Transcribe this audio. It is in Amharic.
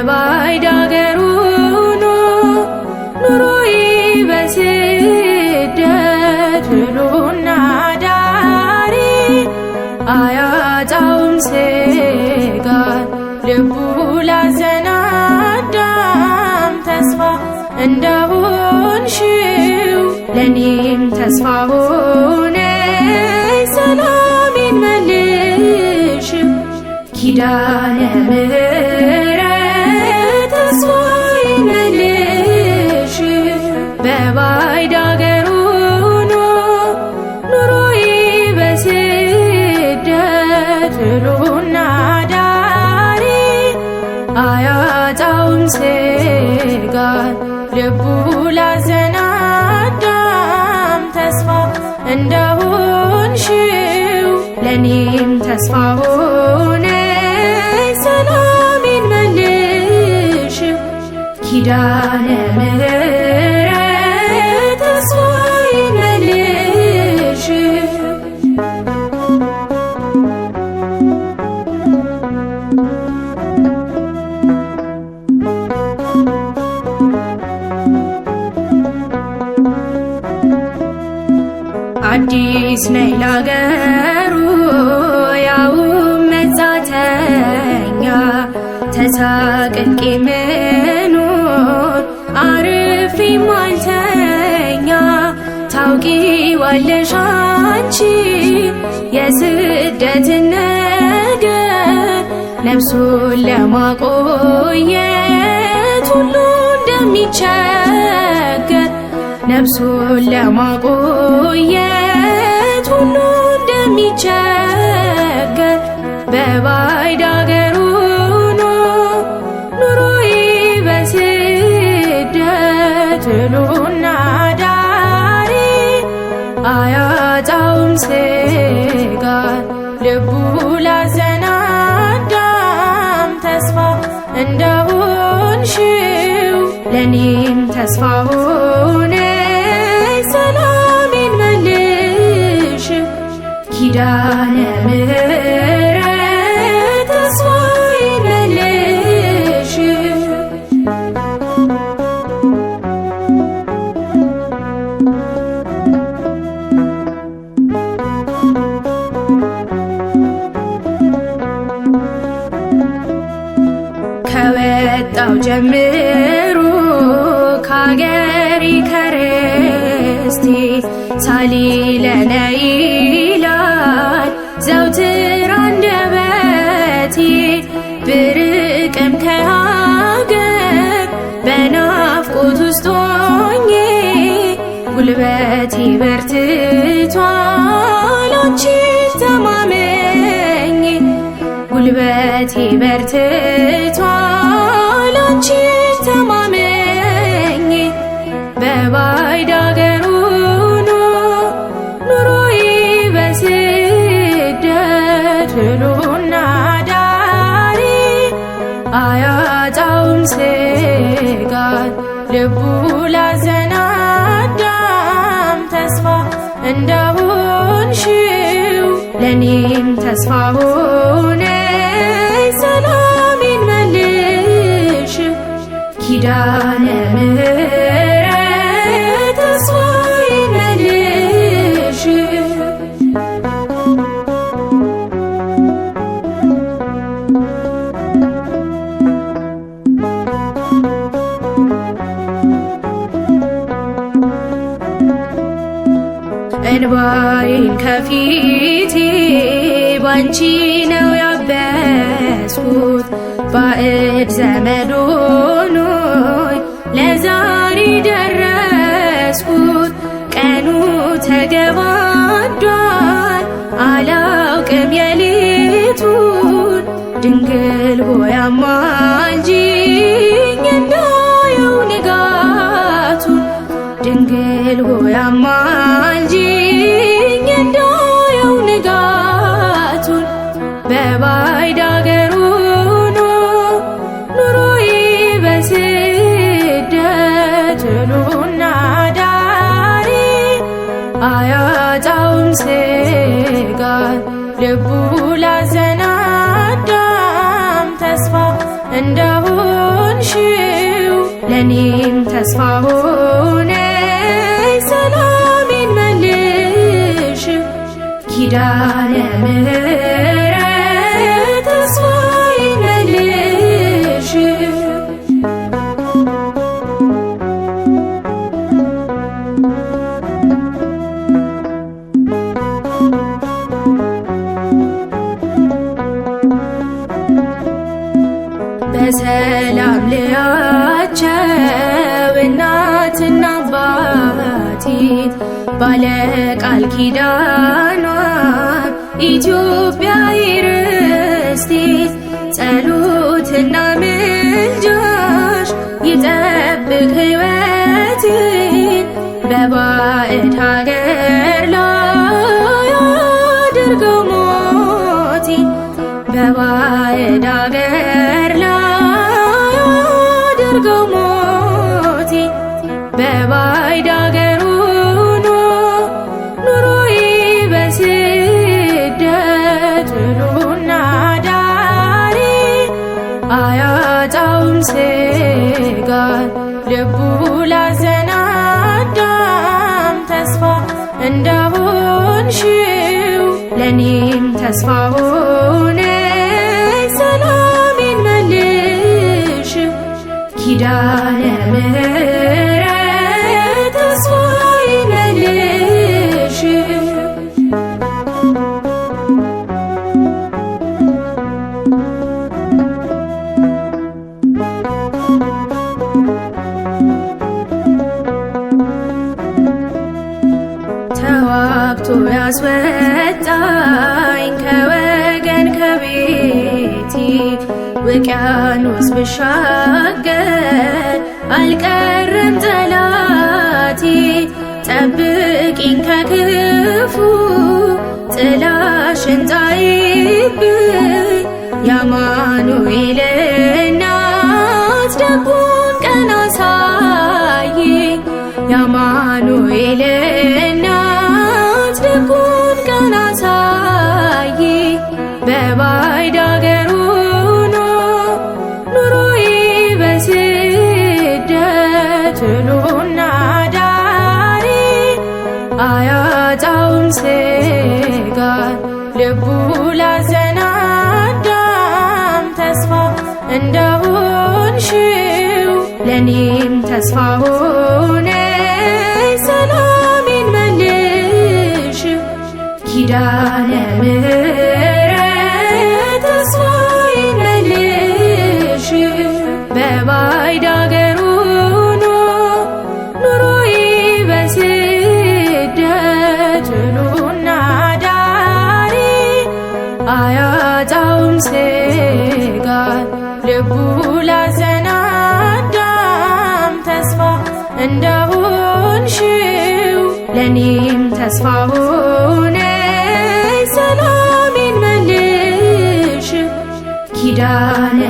በባዕድ አገር ሆኖ ኑሮዬ በስደት ውሎና አዳሬ አያጣውም ስጋት ልቡ ላዘነ አዳም ተስፋ እንደሆንሽው ለእኔም ተስፋ ሆነኝ ሰላሜን መልሽ ኪዳነ ምሕረት ስጋን ልቡ ላዘነ አዳም ተስፋ እንደሆንሽው ለእኔም ተስፋ ሆነኝ። ሰላሜን መልሽ ኪዳነ ምሕረት አዲስ ነይ ላገሩ ያውም መጻተኛ ተሳቅቄ ምኖር አርፌ ማልተኛ ታውቂዋለሽ አንቺ የስደትን ነገር ነፍሱን ለማቆየት ሁሉ እንደሚቸገር ነፍሱን ለማቆየት ሁሉ እንደሚቸገር በባዕድ አገር ሆኖ ኑሮዬ በስደት ውሎና አዳሬ አያጣውም ስጋር ልቡ ላዘናዳም ተስፋ እንደሆንሽው ለእኔም ተስፋ ሆነ ኪዳነ ምሕረት ተስፋ ይበልሽ ከወጣው ከርስቲ ጉልበት በርትቷል አንቺን ተማመኝ ጉልበት በርትቷል አንቺን ተማመኝ በባዕድ አገር ሆኖ ኑሮዬ በስደት ውሎና ዳሪ አያጣውም ስጋት ልቡ ላዘና እንዳሆንሽው ለእኔም ተስፋ ሆነ ሰላሜን መልሽ ኪዳነ እንባዬን ከፊቴ ባንቺ ነው ያበስኩት ባዕድ ዘመዶኖ ለዛሪ ለዛሬ ደረስኩት። ቀኑ ተገባዷል አላውቅም የሌቱን ድንግል ሆያማ አማልጅኝ እንዳየው ንጋቱን ድንግል ሆይ አያጣውም ስጋት ልቡ ላዘነ አዳም ተስፋ እንደሆንሽው ለእኔም ተስፋ ሆነ ሰላሜን መልሽ ኪዳነ ምሕረት በሰላም ልያቸው እናትና አባቴን ባለ ቃል ኪዳኗ ኢትዮጵያ ይርስቴ ጸሎትና እኔም ተስፋ ሆነ ሰላሜን መልሽ ኪዳነ ምሕረት ውቅያኖስ ብሻገር አልቀርም ጠላቴ ጠብቂኝ ከክፉ ጥላሽን ጣይብኝ ያማኑኤል አያጣውም ሴጋር ልቡ ላዘነ ተስፋ እንደሆንሽው ለእኔም ተስፋ ስጋት ልቡ ላዘነ አዳም ተስፋ እንደሆንሽው ለእኔም ተስፋ ሆነኝ። ሰላሜን መልሽ ኪዳነ